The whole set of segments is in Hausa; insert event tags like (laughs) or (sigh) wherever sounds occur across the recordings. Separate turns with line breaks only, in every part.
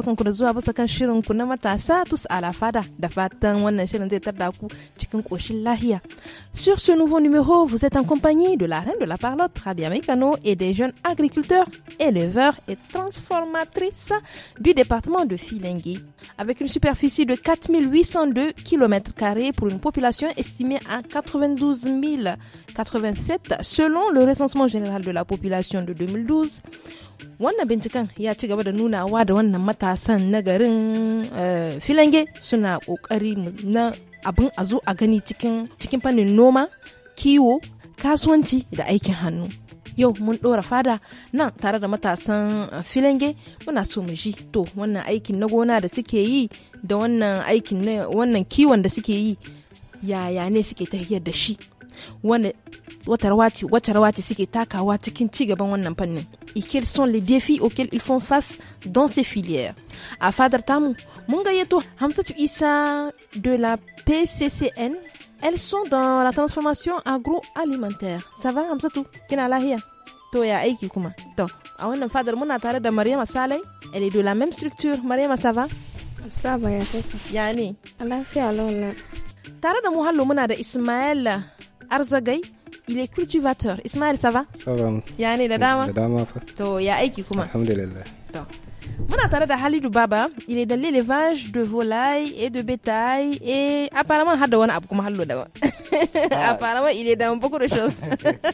Sur ce nouveau numéro, vous êtes en compagnie de la reine de la parlotte Rabia Mekano et des jeunes agriculteurs, éleveurs et transformatrices du département de Filengui. Avec une superficie de 4802 km pour une population estimée à 92 087 selon le recensement général de la population de 2012, wannan binciken ya ci gaba da nunawa da wannan matasan na garin eh, filange suna kokari na abin a zo a gani cikin fannin noma kiwo kasuwanci da aikin hannu yau mun ɗora fada nan tare da matasan eh, filange muna so mu ji to wannan aikin na gona da suke yi da wannan aikin wannan kiwon da suke yi yaya ne suke tahiyar da shi et quels sont les défis auxquels ils font face dans ces filières a fadar tamu mun gayyato Hamsatu Isa de la PCCN elles sont dans la transformation agroalimentaire ça va Hamsatu kina lahiya to ya aiki kuma to a wannan fadar muna tare da Maryama Salai elle est de la même structure Maryama ça va ça va ya take ya ne lafiya lawan tare da mu hallo muna da ismaila Arzagay, il est cultivateur. Ismaël, ça va
Ça va. Yani, la dama La dama, fa.
To, ya aiki kuma. Alhamdulillah. To. Muna tare da Halidou Baba, il est dans l'élevage de volailles et de bétail et apparemment hada wani abu kuma hallo daban. Ah. (laughs) Apparemment il est dans beaucoup de choses. (laughs) (laughs)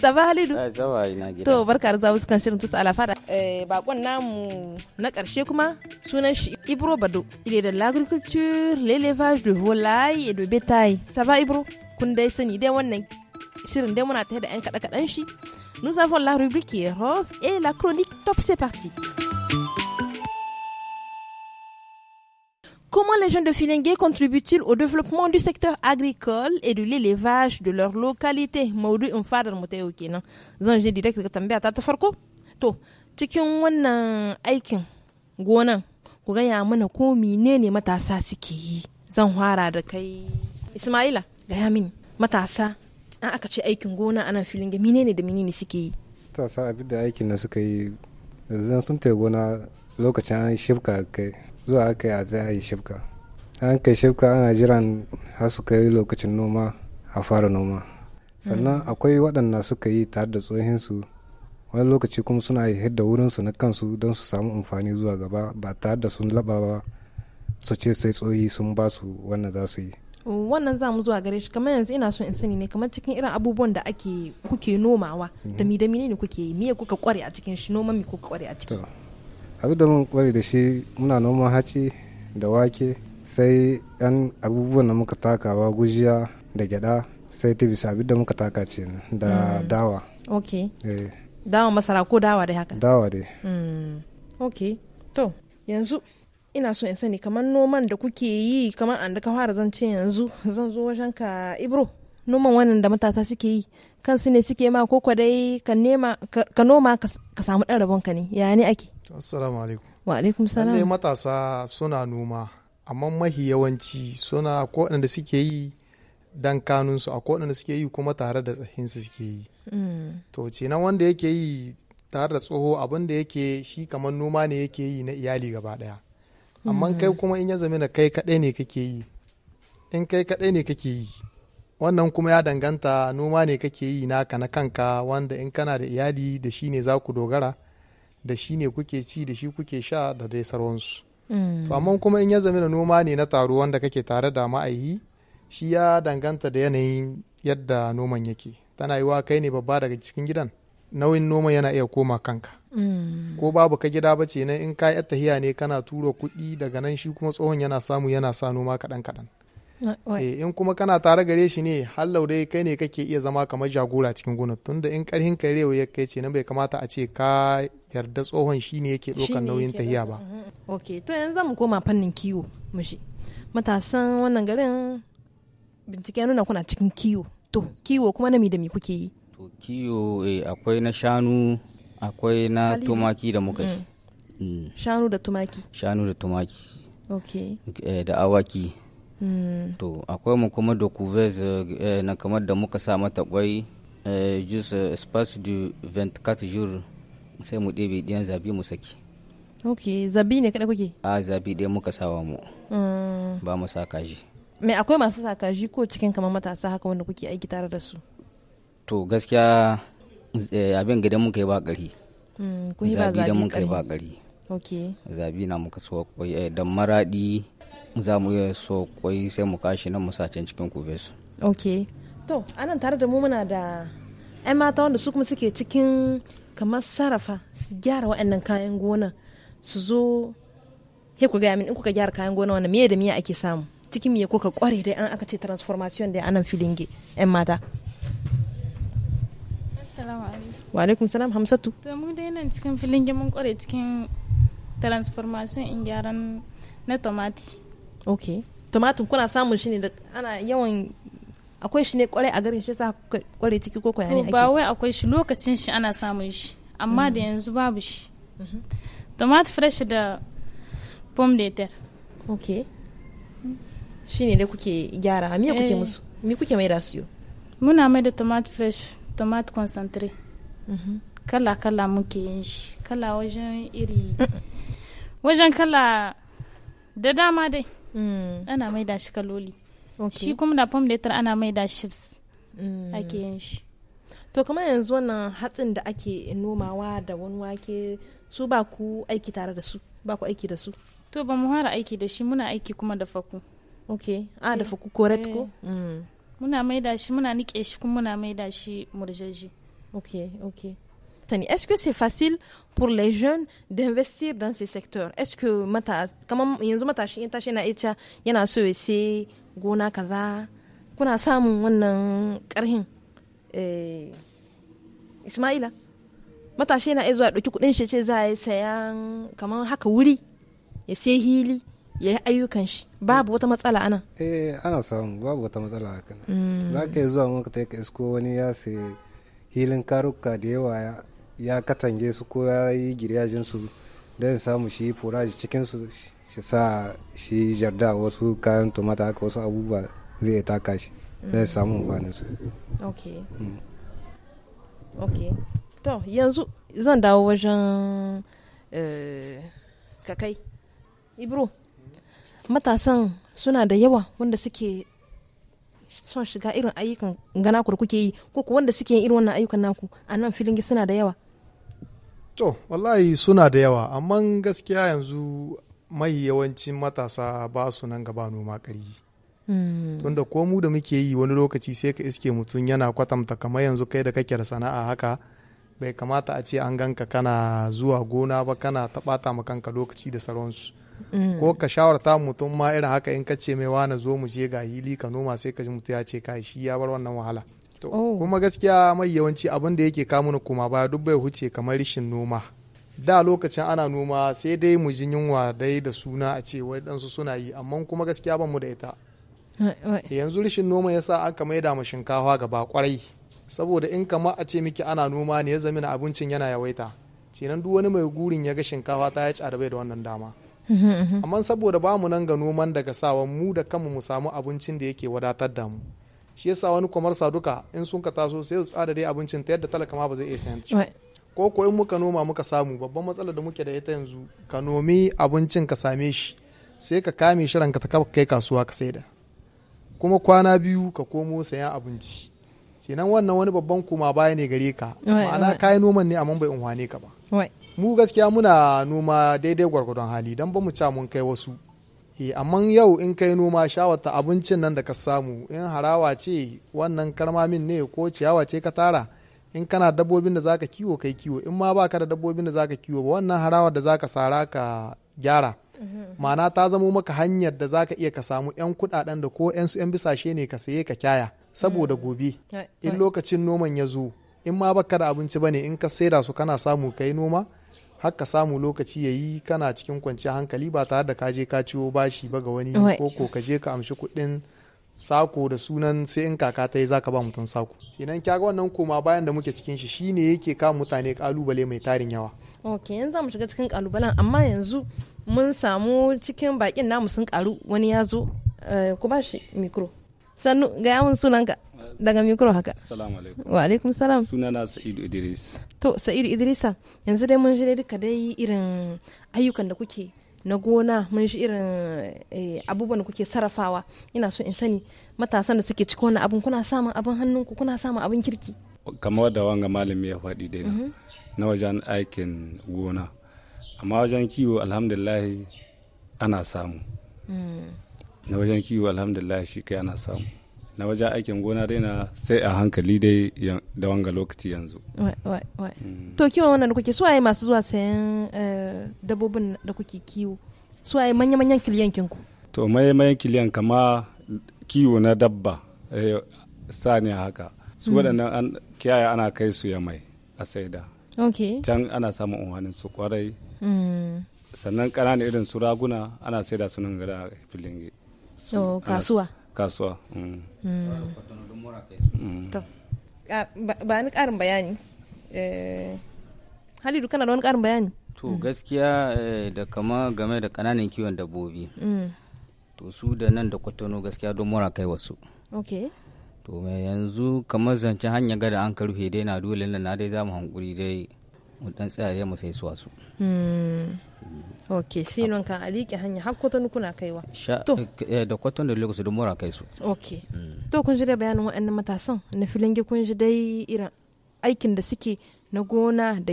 ça va Halidou? Ah,
ça va ina gida. To
barka da zawo kan shirin tusa alafada. Eh bakon namu na karshe kuma sunan shi Ibro Bado. Il est dans l'agriculture, l'élevage de volailles et de bétail. Ça va Ibro? kun dai sani dai wannan shirin dai muna tare da yan kaɗa kaɗan shi nous avons la rubrique rose et la chronique top c'est parti Comment les jeunes de Filengue contribuent-ils au développement du secteur agricole et de l'élevage de leur localité Maudu in fadar mu Zan je direct ga tambaya ta farko. To, cikin wannan aikin gonan ku ga gaya mana ko menene matasa suke yi. Zan fara da kai Ismaila. gaya mini matasa an aka ce aikin gona ana filin ga menene da menene suke
yi matasa abin da aikin na suka yi zan sun ta gona lokacin an shifka kai zuwa aka yi a za a yi shifka an kai shifka ana jiran har su kai lokacin noma a fara noma sannan mm. akwai waɗanda suka yi tare da tsohinsu wani lokaci kuma suna haihar da wurinsu na kansu don su samu amfani zuwa gaba ba tare da sun laba ba su ce sai tsohi sun ba su wannan za su yi
wannan za mu zuwa gare shi kamar yanzu ina so in sani ne kamar cikin irin abubuwan da ake kuke nomawa mhm. da mi da ne kuke yi miye kuka kware a cikin shi noman mi kuka kware a cikin
abu da mun kware da shi muna noman haci da wake sai yan abubuwan da muka takawa gujiya da gyada sai ta bisa abin da muka taka ce da mm. dawa ok eh.
dawa masara ko dawa dai haka dawa dai mm. ok to yanzu ina so in sani kamar noman da kuke yi kamar an da ka fara zance yanzu zan zo wajen ka ibro noman wannan da matasa suke yi kansu ne suke ma koko dai ka noma ka samu ɗan rabon ka ne ya ne ake
assalamu alaikum
wa alaikum salam
lalle matasa suna noma amma mahi yawanci suna ko da suke yi dan kanun su akwai waɗanda suke yi kuma tare da tsahin su suke yi mm. to ce na wanda yake yi tare da tsoho abin da yake shi kamar noma ne yake yi na iyali gaba daya amma kai hmm. kuma in ya zame na kai kaɗai ne kake yi in kai kaɗai ne kake yi wannan kuma ya danganta noma ne kake yi naka na kanka wanda in kana da iyali da shi ne za ku dogara da shi ne kuke ci da shi kuke sha da dai sauransu hmm. to amma kuma in ya zame na noma ne na taro wanda kake tare da ma'aihi shi ya danganta da yanayin yadda noman yake tana yiwa kai ne babba daga cikin gidan nauyin noma yana iya koma kanka mm. ko babu ka gida ba ce in ka yi tahiya ne kana tura kuɗi daga nan shi kuma tsohon yana samu yana sa noma kaɗan kaɗan eh, in kuma kana tare gare shi ne hallau dai kai ne kake iya zama kamar jagora cikin gonar tunda in karhin ka rewa ya kai ce nan bai kamata a ce ka yarda tsohon shi ne yake ɗaukar nauyin tahiya ba mm-hmm.
ok to yanzu zamu koma fannin kiwo mushi matasan wannan garin bincike nuna kuna cikin kiwo to kiwo kuma na mi da mi kuke yi
kiyo eh, akwai na shanu akwai na tumaki da muka yi mm. Mm.
shanu da tumaki
shanu da tumaki ok eh, da awaki mm. to akwai mu kuma da kuvez eh, na kamar da muka sa mata kwai jus espace du 24 jours sai mu ɗebe ɗiyan zabi mu saki
ok zabi ne kada kuke
a zabi ɗaya muka sawa mu ba mu sa kaji
mai akwai masu sa kaji ko cikin kamar matasa haka wanda kuke aiki tare da su
to gaskiya eh, abin gidan muka mm, yi ba gari zabi da muka yi ba gari zabi na muka so kwai eh, da maradi za mu yi so kwai sai mu kashi nan musacin cikin
kufesu ok to anan tare da mu muna da 'yan mata wanda su kuma suke cikin kamar sarrafa su gyara waɗannan kayan gona su zo he ku gaya min in kuka gyara kayan gona wanda miye da miye ake samu cikin miye kuka kware dai an aka ce transformation dai anan filinge 'yan mata Assalamu alaikum. Wa alaikum salam Hamsatu.
To mu dai nan cikin filin mun kware cikin transformation in gyaran na
tomati. Okay. Tomatin kuna samun shi ne da ana yawan akwai shi ne kwarai a garin shi sa kwarai ciki ko kwaya ne ake ba
wai akwai shi lokacin shi ana samun shi amma da mm-hmm. yanzu babu shi mm-hmm. Tomati fresh da
pom de terre ok shi ne dai kuke gyara miya kuke eh. musu mi kuke mai da su
muna mai da tomato fresh tomate concentré kala-kala mhm. muke yin shi kala wajen iri wajen kala da dama dai mm. ana maida shi kaloli shi kuma da pom letter ana maida chips
mm.
ake
yin
shi to kamar yanzu wannan hatsin da ake nomawa da wani wake su ba ku aiki tare da su ba ku aiki da su
to ba mu fara aiki da shi muna aiki kuma da faku
ok a ah, da eh. faku correct ko
muna maida shi muna nike shi kuma muna maida shi murjeji
ok ok Est-ce que c'est facile pour les jeunes d'investir dans ces secteurs Est-ce que comment yanzu matashi in tashi na ita yana so ya sai gona kaza kuna samun wannan karhin eh Ismaila matashi yana zuwa dauki kudin shi ce za sayan kamar haka wuri ya sai hili ya yi ayyukan shi babu wata matsala ana
eh ana samu babu wata matsala haka hmm. za ka yi zuwa maka ta isko wani ya sai hilin karuka da yawa ya katange su ko ya yi giryajin su don samu shi furaji cikin su shi sa shi jarda wasu kayan tomata haka wasu abubuwa zai taka shi don samu wani hmm. su
hmm. to yanzu zan dawo wajen eh, kakai ibro matasan suna da yawa wanda suke son shiga irin ayyukan gana ku kuke yi ko ku wanda suke yin irin wannan ayyukan naku a nan filin suna da yawa
to wallahi suna da yawa amma gaskiya yanzu mai yawancin matasa ba su nan gaba noma kari
hmm. tunda
ko mu da muke yi wani lokaci sai ka iske mutum yana kwatamta kamar yanzu kai da kake da sana'a haka bai kamata a ce an ganka kana zuwa gona ba kana taɓata ma kanka lokaci da sauransu ko ka shawarta mutum ma irin haka in ka ce mai na zo mu je ga hili ka noma sai ka ji mutum ya ce kai shi ya bar wannan wahala to oh. kuma gaskiya mai yawanci abin da yake kamun kuma baya duk bai huce kamar rishin noma da lokacin ana noma sai dai mu ji yunwa dai da suna a ce wai suna yi amma kuma gaskiya ban mu da ita eh, eh. yanzu rishin noma yasa aka maida mu shinkafa gaba kwarai saboda in kama a ce miki ana noma ne ya zamina abincin yana yawaita kenan duk wani mai gurin ya ga shinkafa ta ya ci da bai da wannan dama Mhm, mhm. amma saboda ba mu nan ga noman daga sawa mu da kanmu mu samu abincin da yake wadatar da mu shi yasa wani kamar saduka in sun ka taso sai su tsada dai abincin ta yadda talaka ma ba zai iya sayan ko ko in muka noma muka samu babban matsalar da muke da ita yanzu ka nomi abincin ka same shi sai ka kame shi ranka ta kai kasuwa ka saida kuma kwana biyu ka komo sayan abinci kenan wannan wani babban kuma baya ne gare ka ma'ana kayan noman ne amma bai unhwane ka ba mu gaskiya muna noma daidai gwargwadon hali don ba mu ca mun kai wasu eh, amma yau in kai noma shawarta abincin nan da ka samu in harawa ce wannan karmamin ne ko ciyawa ce ka tara in kana dabbobin da zaka kiwo kai kiwo in ma baka da dabbobin da zaka kiwo ba wannan harawar da zaka sara ka gyara mm-hmm. ma'ana ta zamo maka hanyar da zaka iya ka samu yan kudaden da ko yan yan bisashe ne ka saye ka kyaya saboda mm. gobe in lokacin noman ya zo in ma baka da abinci bane in ka da su kana samu kai noma har ka samu lokaci yayi kana cikin kwanciyar hankali ba tare da ka je ka ciwo bashi ba ga wani ko ka je ka amshi kuɗin sako da sunan sai in kaka ta yi za ka ba mutum sako kenan kyaga wannan koma bayan da muke cikin shi shine yake ka mutane kalubale mai tarin yawa
ok yanzu za mu shiga cikin kalubalen amma yanzu mun samu cikin bakin namu sun karu wani ya zo eh, ku ba shi mikro sannu ga yawon sunanka daga mikro haka assalamu alaikum wa alaikum salam
na sa'idu idris
to sa'idu idrisa yanzu dai mun shirya duka dai irin ayyukan da kuke na gona mun shi irin eh, abubuwan da kuke sarrafawa ina so in sani matasan da suke cikin wani abun kuna samun abin hannunku kuna samun abin kirki
kamar da wanga malami ya faɗi dai mhm. na wajen aikin gona amma wajen kiwo alhamdulillah ana samu mm. na wajen kiwo alhamdulillah shi kai ana samu na wajen aikin gona dai na sai a hankali dai da wanga lokaci yanzu
mm.
to kiwon wannan da kuke su ayi masu zuwa sayan eh, dabbobin da kuke kiwo su ayi manya-manyan kiliyankin ku
to manya-manyan kiliyan kama kiwo na dabba eh, sa ne haka su mm. waɗannan an kiyaye ana kai su ya mai a saida can ana samun umarnin su kwarai
mm.
sannan ƙananan irin su raguna ana saida su nan gara filin kasuwa kasuwa mm.
Mm.
Ah, ba ni karin bayani eh, halidu kana da wani karin bayani
to gaskiya eh, da kama game da kananan kiwon dabbobi mm. to su da nan da kwatano gaskiya don mura kai wasu Ok. to yanzu kamar zancen hanyar gada an karfe dai na dole na dai za mu hankuri dai dan tsaya mu sai suwa
hmm.
ok hanya har kaiwa
eh, da da lagos da kai ok hmm.
to kun matasan kun ji dai irin aikin da suke da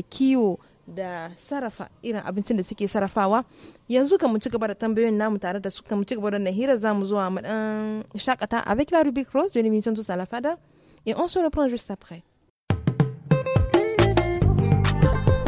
kiwo da sarrafa irin abincin da suke sarrafawa yanzu shakata avec la Rubik rose de tous la et on se reprend juste après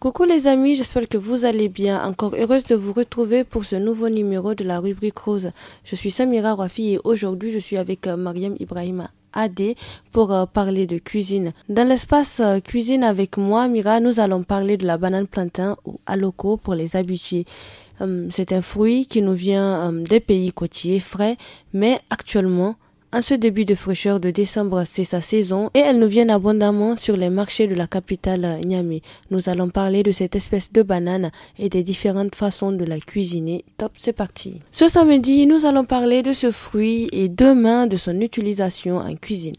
Coucou les amis, j'espère que vous allez bien. Encore heureuse de vous retrouver pour ce nouveau numéro de la rubrique rose. Je suis Samira Rafi et aujourd'hui je suis avec euh, Mariam Ibrahim AD pour euh, parler de cuisine. Dans l'espace euh, cuisine avec moi, Mira, nous allons parler de la banane plantain ou aloco pour les habitués. C'est un fruit qui nous vient des pays côtiers frais, mais actuellement, en ce début de fraîcheur de décembre, c'est sa saison et elles nous viennent abondamment sur les marchés de la capitale Niamey. Nous allons parler de cette espèce de banane et des différentes façons de la cuisiner. Top, c'est parti. Ce samedi, nous allons parler de ce fruit et demain de son utilisation en cuisine.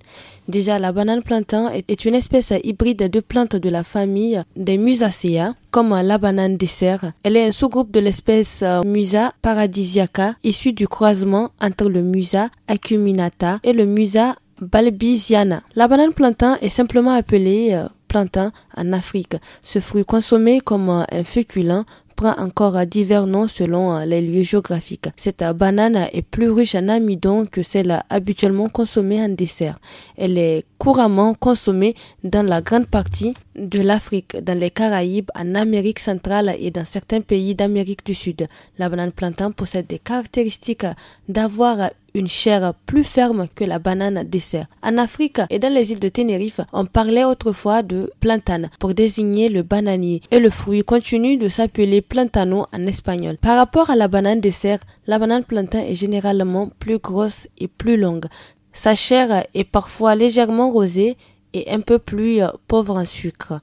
Déjà, la banane plantain est une espèce hybride de plantes de la famille des Musaceae, comme la banane dessert. Elle est un sous-groupe de l'espèce euh, Musa paradisiaca, issue du croisement entre le Musa acuminata et le Musa balbisiana. La banane plantain est simplement appelée euh, plantain en Afrique. Ce fruit consommé comme euh, un féculent prend encore divers noms selon euh, les lieux géographiques. Cette banane est plus riche en amidon que celle habituellement consommée en dessert. Elle est couramment consommée dans la grande partie de l'Afrique, dans les Caraïbes, en Amérique centrale et dans certains pays d'Amérique du Sud. La banane plantain possède des caractéristiques d'avoir une chair plus ferme que la banane dessert. En Afrique et dans les îles de Tenerife, on parlait autrefois de plantane pour désigner le bananier et le fruit continue de s'appeler plantano en espagnol. Par rapport à la banane dessert, la banane plantain est généralement plus grosse et plus longue. Sa chair est parfois légèrement rosée et un peu plus euh, pauvre en sucre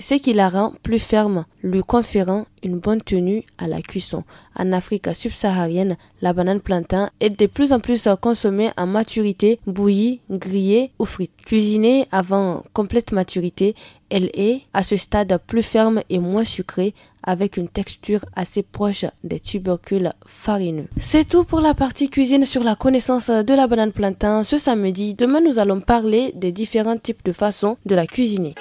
ce qui la rend plus ferme, lui conférant une bonne tenue à la cuisson. En Afrique subsaharienne, la banane plantain est de plus en plus consommée en maturité, bouillie, grillée ou frite. Cuisinée avant complète maturité, elle est à ce stade plus ferme et moins sucrée avec une texture assez proche des tubercules farineux. C'est tout pour la partie cuisine sur la connaissance de la banane plantain ce samedi. Demain, nous allons parler des différents types de façons de la cuisiner.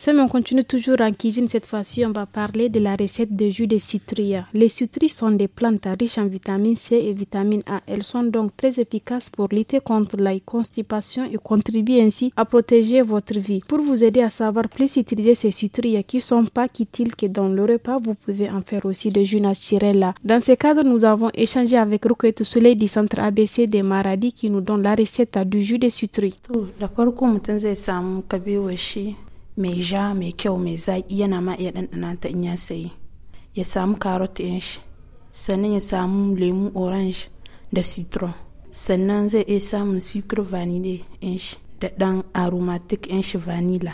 Sam, on continue toujours en cuisine.
Cette fois-ci, on va parler de la recette de jus de citrouille. Les citrouilles sont des plantes riches en vitamine C et vitamine A. Elles sont donc très efficaces pour lutter contre la constipation et contribuent ainsi à protéger votre vie. Pour vous aider à savoir plus utiliser ces citrouilles qui sont pas quittiles que dans le repas, vous pouvez en faire aussi de jus naturel. Dans ce cadre, nous avons échangé avec Roquette Soleil du centre ABC des Maradis qui nous donne la recette du jus de citrouille. mai ja mai kyau mai zaƙi yana ma iya ɗanɗana ta in ya sayi ya samu carrot ɗin shi sannan ya samu lemu orange da citron sannan zai iya samun sucre vanille ɗin shi da ɗan aromatic ɗin shi vanilla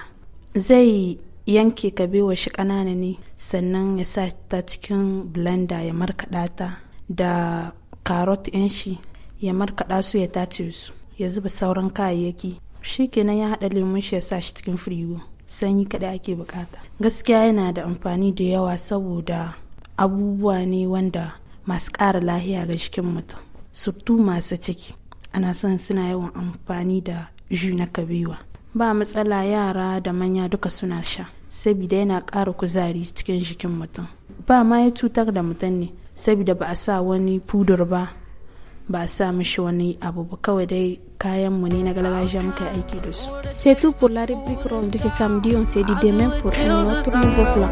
zai yanke kabewa shi ƙanana ne sannan ya sa ta cikin blender ya markaɗa ta da carrot ɗin shi ya markaɗa su ya tace su ya zuba sauran kayayyaki shi kenan ya haɗa lemun shi ya sa shi cikin firigo sanyi kaɗai ake bukata gaskiya yana da amfani da yawa saboda abubuwa ne wanda masu ƙara lahiya ga jikin mutum surtu masu ciki ana son suna yawan amfani da ju na kabewa ba matsala yara da manya duka suna sha saboda yana ƙara kuzari cikin jikin mutum ba ma ya cutar da mutum ne saboda ba a sa wani fudur ba C'est tout pour la réplique rose de ce samedi. On se dit demain pour un autre nouveau plan.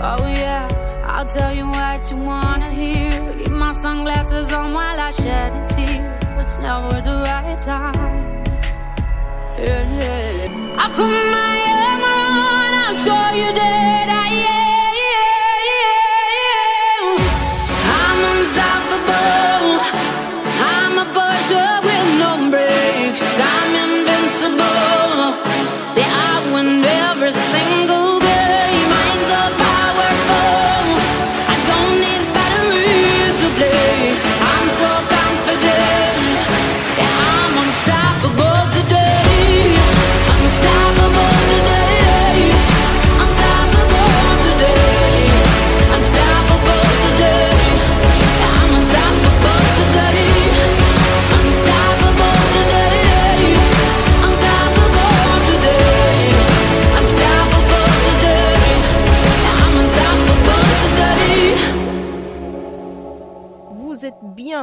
Oh yeah, oh, I'll tell you what you wanna hear. my sunglasses on while I shed a tear. It's never the right time.
Yeah, yeah. I put my armor on. I'll show you that I am.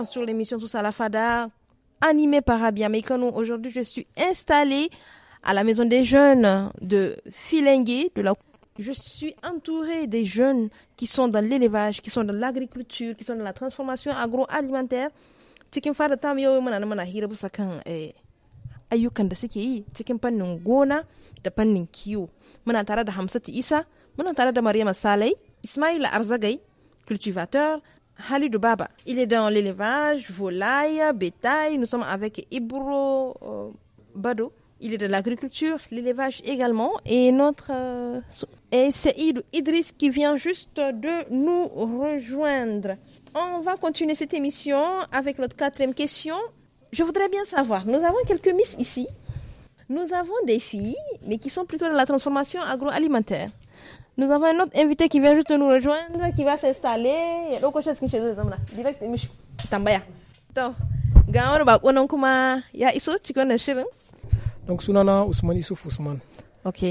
bien sur l'émission sous salafada. la Fada, animée par Abia Mekano. Aujourd'hui, je suis installée à la maison des jeunes de Filengue, de la je suis entourée des jeunes qui sont dans l'élevage, qui sont dans l'agriculture, qui sont dans la transformation agroalimentaire. Cikin fara ta yau muna nan muna hira bisa kan eh, ayyukan da suke yi cikin fannin gona da fannin kiwo. Muna tare da Hamsatu Isa, muna tare da Maryama Salai, Ismaila Arzagai, cultivateur, Halidou Baba. Il est dans l'élevage, volaille, bétail. Nous sommes avec Ibro euh, Bado. Il est de l'agriculture, l'élevage également. Et notre. Euh, et c'est Idriss qui vient juste de nous rejoindre. On va continuer cette émission avec notre quatrième question. Je voudrais bien savoir, nous avons quelques miss ici. Nous avons des filles, mais qui sont plutôt dans la transformation agroalimentaire. Nous avons un autre invité qui vient juste nous rejoindre, qui va s'installer. chez Direct tambaya. Donc, bah, oh, tu connais ya
Donc sunana Ousmane Issouf Ousmane. Ok.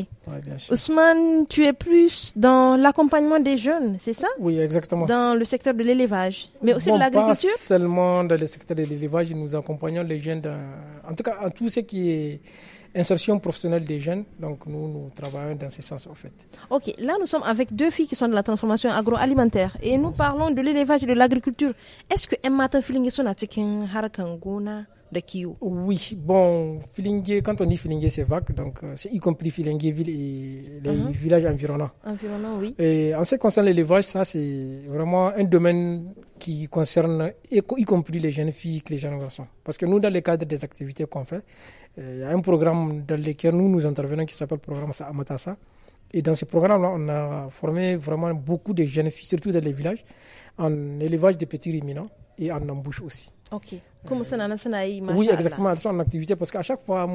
Ousmane, tu es plus dans l'accompagnement des jeunes, c'est ça Oui, exactement. Dans le secteur de l'élevage, mais aussi de l'agriculture Pas
seulement dans le secteur de l'élevage, nous accompagnons les jeunes, dans, en tout cas, en tout ce qui est insertion professionnelle des jeunes. Donc nous, nous travaillons dans ce sens en fait.
Ok, là nous sommes avec deux filles qui sont de la transformation agroalimentaire et nous parlons de l'élevage et de l'agriculture. Est-ce que Mata Filingue sont à
de Kiyo Oui, bon, filingé quand on dit filingé c'est vague, donc euh, c'est y compris Filingue ville et les uh-huh. villages environnants. Environnants, oui. Et en ce qui concerne l'élevage, ça c'est vraiment un domaine qui concerne y compris les jeunes filles que les jeunes garçons. Parce que nous, dans le cadre des activités qu'on fait, il euh, y a un programme dans lequel nous, nous intervenons qui s'appelle le Programme Saamatasa. Et dans ce programme-là, on a formé vraiment beaucoup de jeunes filles, surtout dans les villages, en élevage de petits ruminants et en embouche aussi.
Ok. Comme ça, euh, Oui, exactement. Elles
sont en activité parce qu'à chaque fois,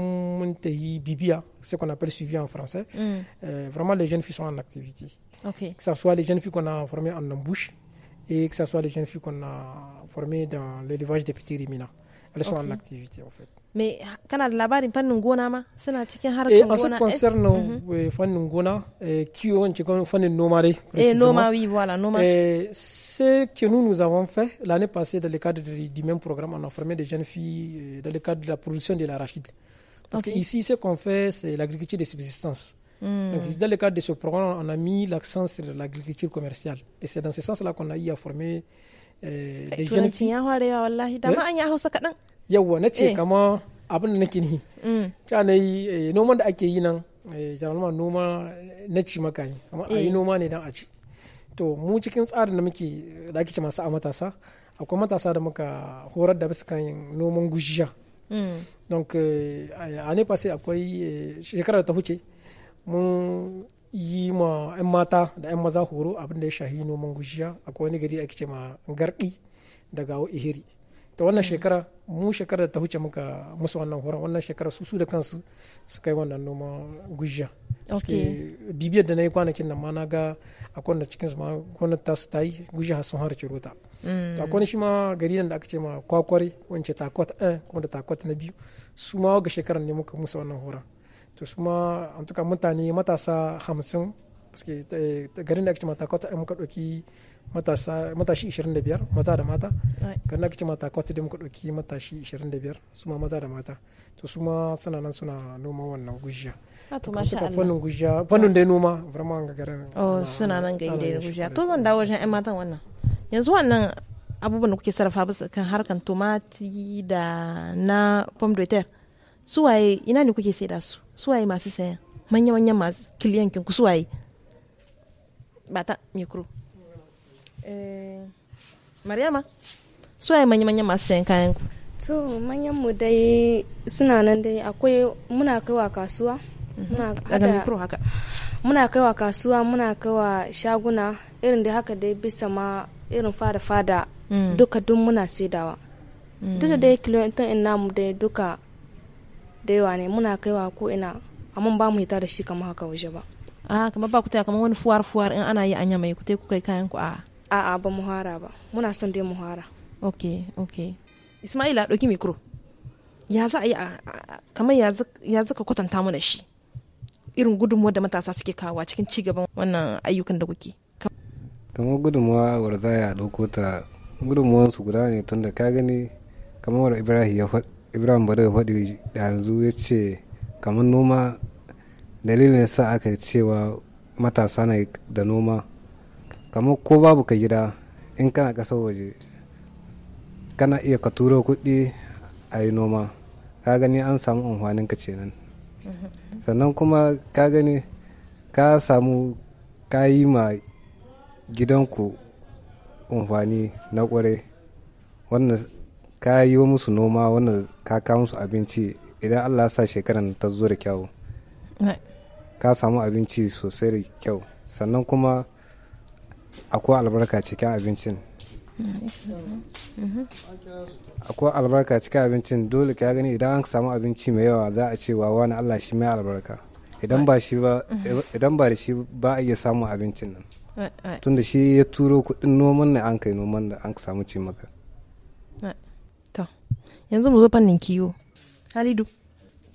Bibia, ce qu'on appelle suivi en français, mm. euh, vraiment les jeunes filles sont en activité. Ok. Que ce soit les jeunes filles qu'on a formées en embouche et que ce soit les jeunes filles qu'on a formées dans l'élevage des petits ruminants. Elles sont en activité en fait
mais kana da labarin fannin gona ma suna cikin harkar eh, gona eh asu concerne mhm.
eh, fannin gona eh, kiwo en cikin fannin noma dai eh voilà ce que nous nous avons fait l'année passée dans le cadre du même programme on a formé des jeunes filles dans le cadre de la production de l'arachide parce okay. que ici ce qu'on fait c'est l'agriculture de subsistance hmm. Donc, dans le cadre de ce programme, on a mis l'accent sur l'agriculture commerciale. Et c'est dans ce sens-là qu'on a eu à former euh, les jeunes filles. yawwa na ce eh. kama abin da nake ni ta mm. na yi eh, noman da ake yi nan jaralma eh, noma na ci maka ne kama a yi noma ne don a ci to mu cikin tsarin da muke da ake ce masu a matasa akwai matasa da muka horar da bisa kan noman gushiya mm. donc a ne fasai akwai shekarar ta huce mun yi ma 'yan mata da 'yan maza horo abin da ya shahi noman gushiya akwai wani gari ake ce ma garki daga ihiri ta wannan shekara mu shekara ta huce muka musu wannan horon wannan shekara su su da kansu su kai wannan noma gujiya suke bibiyar da na yi kwanakin nan ma na ga akwai wanda cikin ma gwamnati ta su ta yi gujiya har sun har ciro mm. to akwai shi ma gari nan da aka ce ma kwakwari wance takwat ɗaya kuma da takwat na biyu su ma ga shekarar ne muka musu wannan horon to su ma an tuka mutane matasa hamsin eh, garin da aka ce ma takwat ɗaya eh, muka ɗauki matasa matashi 25 maza da mata kan nake ce mata kwata da muka ɗauki matashi 25 su ma maza da mata to su ma suna nan suna noma wannan gujiya ah, to masha Allah fannin gujiya fannin dai noma vraiment ga garin oh suna
nan ga inda gujiya to zan dawo wajen ƴan matan wannan yanzu wannan abubuwan da kuke sarrafa bisa kan harkan tomati da na pomme de terre Su waye ina ne kuke saida su waye masu sayan manya-manyan masu kiliyankin ku su ba ta mikro Eh, Mariama Maryama, su manya manya-manyan masu sayan kayan ku? To, manyan mu dai suna nan dai akwai muna kaiwa mhm. kasuwa. Muna kada, haka. Muna kaiwa kasuwa, muna kaiwa shaguna, irin da haka dai bisa ma irin fada-fada mhm. duka dun muna saidawa. Mm. Duk da dai mhm. kilomita in namu dai duka da yawa ne muna kaiwa ko ina, amma ba mu hita da shi kamar haka waje ba. Ah, kamar ba ku ta kamar wani fuwar-fuwar in ana yi anya mai ku kuka kai kayan ku a. Ah. a'a ba mu hara ba muna son dai mu hara ok ok ismaila ɗauki mikro ya za a yi kamar ya zaka kwatanta mana shi irin gudunmuwa da matasa suke kawo a cikin cigaban wannan ayyukan da kuke
kamar gudunmuwa warza ya ɗauko ta gudunmuwansu guda ne tun da ka gani kamar ibrahim bada ya faɗi yanzu ya ce kamar noma dalilin sa aka cewa matasa na da noma kamar ko babu ka gida in kana kasa waje kana iya ka turo kuɗi a yi noma ka gani an samu amfanin ka nan mm-hmm. sannan kuma ka gani ka samu ka yi ma gidanku amfani na kware wannan ka yi wa musu noma wannan ka kawo musu abinci idan allah sa shekaran ta zo da kyau ka samu abinci sosai da kyau sannan kuma akwai albarka cikin abincin akwai albarka cikin abincin dole ka gani idan an samu abinci mai yawa za a ce wa wani allah shi mai albarka idan ba shi ba da shi ba a iya samun abincin
nan tunda
shi ya turo kudin noman ne an kai noman da an samu ci maka
to yanzu mu zo fannin kiwo halidu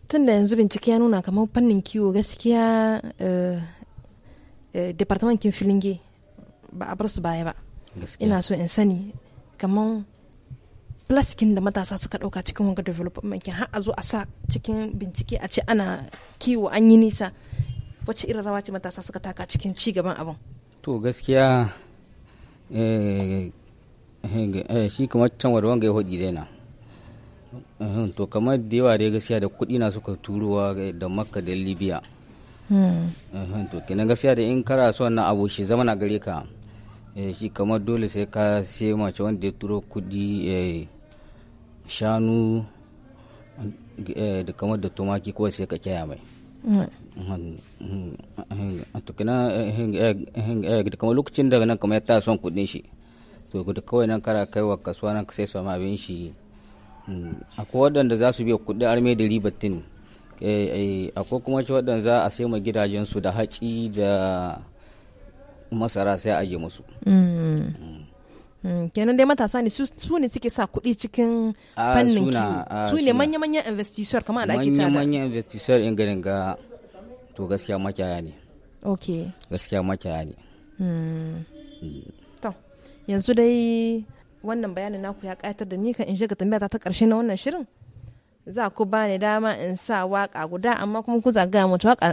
tunda yanzu bincike ya nuna kamar fannin kiwo gaskiya eh, eh, departamentin filinge ba a bar su baya ba ina so in sani kamar plaskin da matasa suka dauka cikin wanga development kin har a zo a sa cikin bincike a ce ana kiwo an yi nisa wacce irin rawa ce matasa suka taka cikin ci gaban abin
to gaskiya eh, eh, eh, shi kamar can wadda wanga ya hudi dai na to kamar da yawa dai gaskiya da kudi na suka turowa da makka da libya hmm. to kenan gaskiya da in kara su na abu shi zama na gare ka Eh, shi kamar dole sai ka sai mace wanda ya turo kudi eh, shanu eh, da kamar da tumaki kawai sai ka kyaya mai mm. mm. tukuna da kamar lokacin da nan kamar ya ta son kudin shi to da kawai nan kara kai wa kasuwa nan sai su abin shi mm. akwai waɗanda za su biya kudin arme da ribatin akwai kuma waɗanda za a sai ma gidajensu da haci da masara sai a yi musu
mm.
Mm. kenan dai matasa ne su ne suke sa kuɗi cikin fannin kiwo su ne manya-manyan investisseur kamar da ake tada
manya-manyan investisseur in ganin ga to gaskiya makiyaya ne ok gaskiya makiyaya ne
mm.
to yanzu dai wannan bayanin naku ya ƙayatar da ni kan in shiga tambaya ta ƙarshe na wannan shirin za ku ba ni dama in sa waka guda amma kuma ku zaga mutu waka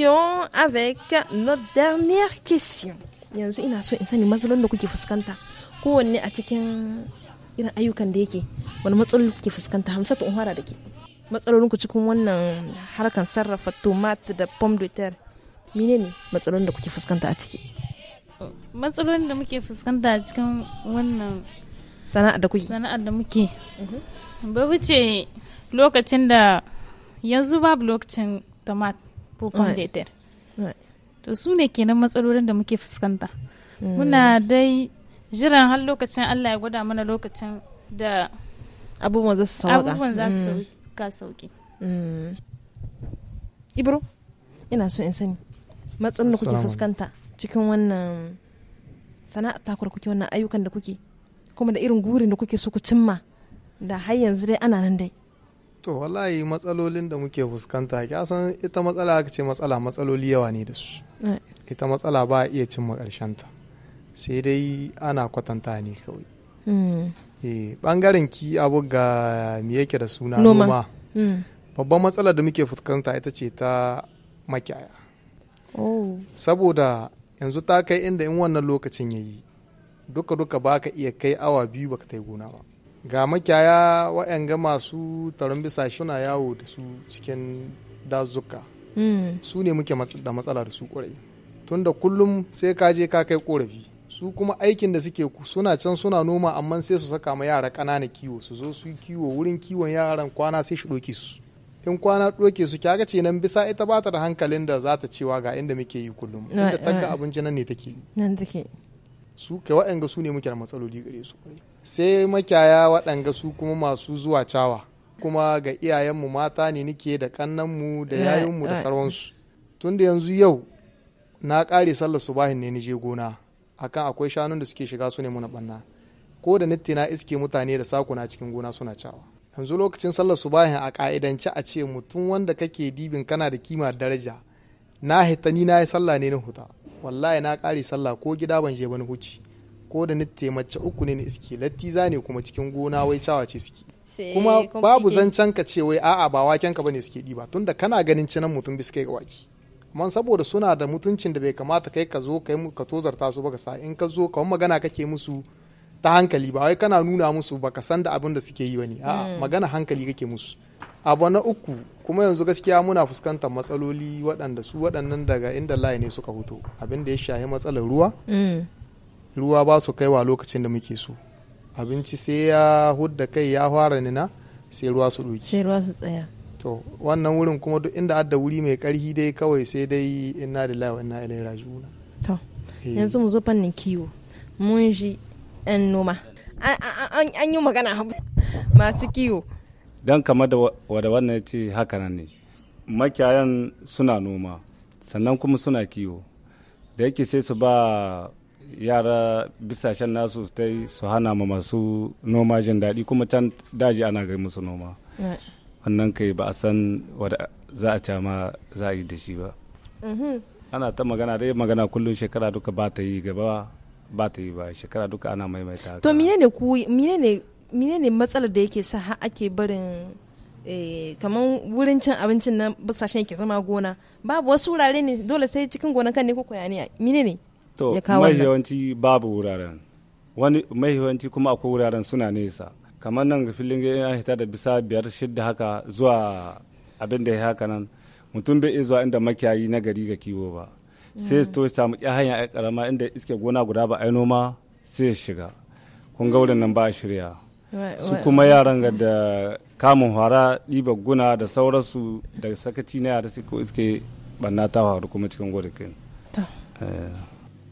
émission avec notre dernière question. Yanzu ina so in sani matsalolin da kuke fuskanta kowanne a cikin irin ayyukan da yake wani matsaloli kuke fuskanta hamsatu in fara da ke matsalolin ku cikin wannan harkan sarrafa tomat da pom de terre mine ne matsalolin da kuke fuskanta a ciki
matsalolin da muke fuskanta a cikin wannan
sana'a da kuke sana'ar da muke
mhm. ba wuce lokacin da yanzu babu lokacin tomat ko kwandetar to su ne kenan matsalolin da muke fuskanta hmm. muna dai jiran har lokacin allah ya gwada mana lokacin da
abubuwan za su sauka abubuwan za su hmm. ka sauki hmm. ibro ina so in sani matsalolin da kuke fuskanta cikin wannan sana'a takwar kuke wannan ayyukan da kuke kuma da irin gurin da kuke so ku cimma da har yanzu dai ana nan dai
to wallahi matsalolin da muke fuskanta ya san ita matsala aka ce matsala matsaloli yawa ne da su eh. ita matsala ba a iya cimma ta sai dai ana kwatanta ne kawai bangaren hmm. eh, ki abu ga me yake da suna noma hmm. babban matsala da muke fuskanta ita ce ta makiyaya oh. saboda yanzu ta kai inda in wannan lokacin ya yi duka-duka ba ka iya kai awa biyu baka yi gona ba ga makiyaya waɗanga masu taron bisa suna yawo da su cikin dazuka hmm. su ne muke da matsala da su tun tunda kullum sai ka je ka kai ƙorafi su kuma aikin da suke suna can suna noma amma sai su saka ma yara ƙanana kiwo su zo su kiwo wurin kiwon yaran kwana sai shi ɗoke su in kwana ɗoke su kyaga ce nan bisa ita ba ta da hankalin da za ta cewa ga inda muke yi kullum inda ta abinci nan ne take nan take su kai waɗanga su ne muke da matsaloli gare su sai makiyaya waɗanga su kuma masu zuwa cawa kuma ga iyayenmu mata ne nike da kannanmu da eh, yayinmu da eh. sarwansu tun da yanzu yau na ƙare sallar subahin ne je gona akan akwai shanun da suke shiga su ne muna ɓanna ko da nitti na iske mutane da sakuna cikin gona suna cawa yanzu lokacin sallar subahin a ƙa'idance a ce mutum wanda kake dibin kana da kima daraja na hitani na yi sallah ne na huta wallahi na ƙare sallah ko gida ban je bani huci ko da nitte mace uku ne iske lattiza ne kuma cikin gona wai cawace ce suke kuma babu zancen ka ce wai a'a ba waken ka bane suke diba tunda kana ganin cinan mutum bisa kai waki amma saboda suna da mutuncin da bai kamata kai ka zo kai ka tozarta su baka sa in ka zo ka magana kake musu ta hankali ba wai kana nuna musu baka san da abin da suke yi bane a'a hmm. magana hankali kake musu abu na uku kuma yanzu gaskiya muna fuskantar matsaloli waɗanda su waɗannan daga inda layi ne suka hoto abin da ya shahi matsalar ruwa hmm. ruwa ba su kaiwa lokacin da muke so abinci sai ya hudda kai ya fara nina sai ruwa su ɗuki sai ruwa su tsaya to wannan wurin kuma duk inda adda wuri mai karhi dai kawai sai dai inna da lawa inna ilai rajiuna to eh. yanzu mu
zo fannin kiwo mun ji yan noma an yi magana masu kiwo
don kama da wada wannan ce haka nan ne makiyayan suna noma sannan kuma suna kiwo da yake sai su ba yara bisashen nasu ta su hana ma masu noma jin daɗi kuma can daji ana gai musu noma wannan kai ba a san wada za a cama za a yi da shi ba mm-hmm. ana ta magana dai magana kullum shekara duka ba ta yi gaba ba ta yi ba shekara duka ana maimaita to
mine ne ku mine ne mine ne matsalar da yake sa ake barin eh, kamar wurin cin abincin na bisashen yake zama gona babu wasu wurare ne dole sai cikin kan ne ko koya ne mine ne
to mai yawanci babu wuraren wani mai yawanci kuma akwai wuraren suna nesa kamar nan ga filin ya hita da bisa biyar shidda haka zuwa abin da ya haka nan mutum bai iya zuwa inda makiyayi na gari ga kiwo ba sai to samu ya hanya a karama inda iske gona guda ba ai noma sai shiga kun ga wurin nan ba shirya su kuma yaran ga da kamun hara ɗiba guna da sauransu da sakaci na yara sai ko iske banna ta faru kuma cikin gonakin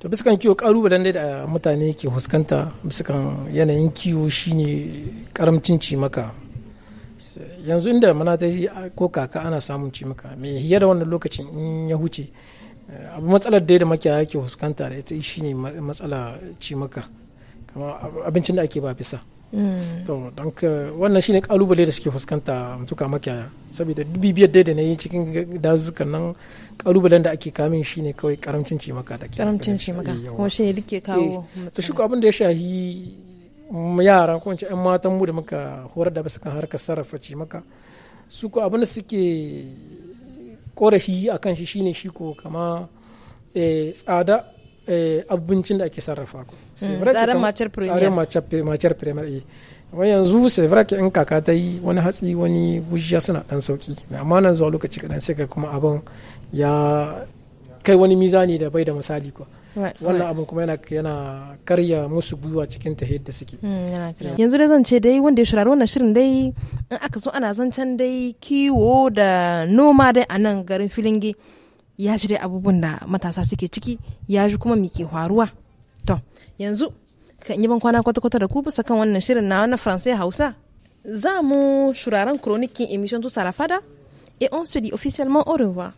to biskan kiwo kalubalen da mutane ke fuskanta biskan yanayin kiwo shine karamcin cimaka yanzu inda mana ta ko kaka ana samun cimaka mai hiya da wannan lokacin in ya huce abu matsalar da makiyaya ke fuskanta da ita shine matsala cimaka kamar abincin da ake ba bisa Mm. to don wannan shine kalubale da suke fuskanta mutuka makiyaya saboda bibiyar da na yi cikin dazukan nan kalubalen da ake kamin shine kawai karamcin cimaka da karamcin cimaka kuma shi ne duke eh, kawo to shi abin da ya shahi yara ko yan matan mu da muka horar da basu kan harkar sarrafa cimaka su ko abin da suke korafi akan shi shine shi ko kama eh, tsada Eh, abincin da ake sarrafa ku hmm, tsarin macer premier tsarin macer premier eh wani yanzu sai in kaka ta yi wani hatsi wani wujiya suna dan sauki amma nan zuwa lokaci kadan sai ka kuma abin ya kai wani mizani da bai da misali kuwa wannan abin kuma yana karya musu gwiwa cikin ta da suke
hmm, yanzu da zan ce dai wanda ya shirari wannan shirin dai in aka so ana zancen dai kiwo da noma dai a nan garin filinge ya shirya abubuwan da matasa suke ciki ya ji kuma ke faruwa to yanzu kan yi ban kwana kwata-kwata da ku bisa kan wannan shirin na wannan faransai hausa za mu shuraren kronikin emission to sarafada et on se dit officiellement au revoir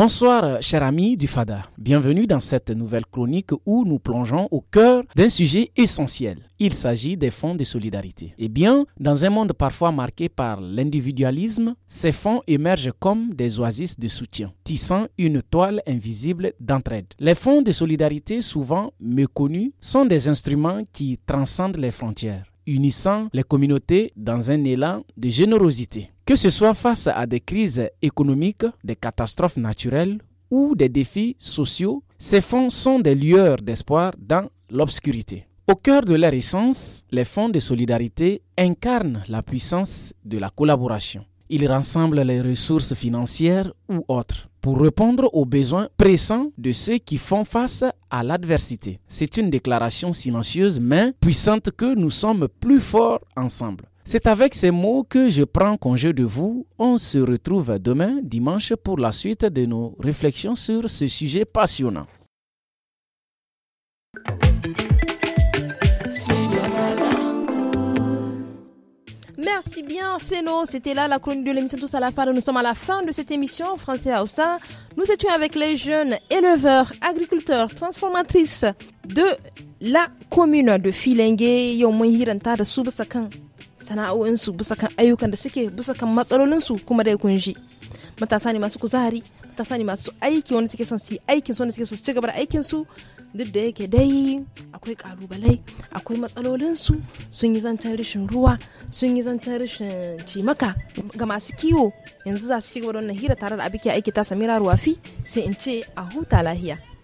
Bonsoir, euh, chers amis du FADA. Bienvenue dans cette nouvelle chronique où nous plongeons au cœur d'un sujet essentiel. Il s'agit des fonds de solidarité. Eh bien, dans un monde parfois marqué par l'individualisme, ces fonds émergent comme des oasis de soutien, tissant une toile invisible d'entraide. Les fonds de solidarité, souvent méconnus, sont des instruments qui transcendent les frontières unissant les communautés dans un élan de générosité. Que ce soit face à des crises économiques, des catastrophes naturelles ou des défis sociaux, ces fonds sont des lueurs d'espoir dans l'obscurité. Au cœur de leur essence, les fonds de solidarité incarnent la puissance de la collaboration. Ils rassemblent les ressources financières ou autres pour répondre aux besoins pressants de ceux qui font face à l'adversité. C'est une déclaration silencieuse mais puissante que nous sommes plus forts ensemble. C'est avec ces mots que je prends congé de vous. On se retrouve demain, dimanche, pour la suite de nos réflexions sur ce sujet passionnant.
Merci bien, Seno. C'était là la chronique de l'émission Tous à la fin. Nous sommes à la fin de cette émission Français Oussa. Nous étions avec les jeunes éleveurs, agriculteurs, transformatrices de la commune de Filengue. Ils mun hiranta da su bisa kan sana'o'insu, bisa matasa ne masu kuzari matasa ne masu aiki wanda suke son su yi aikin su wanda suke so su ci da aikin su duk da yake dai akwai kalubalai akwai matsalolin su sun yi zancen rashin ruwa sun yi zancen rashin cimaka ga masu kiwo yanzu za su ci gaba da wannan hira tare da abiki aiki ta samira ruwafi sai in ce a huta lahiya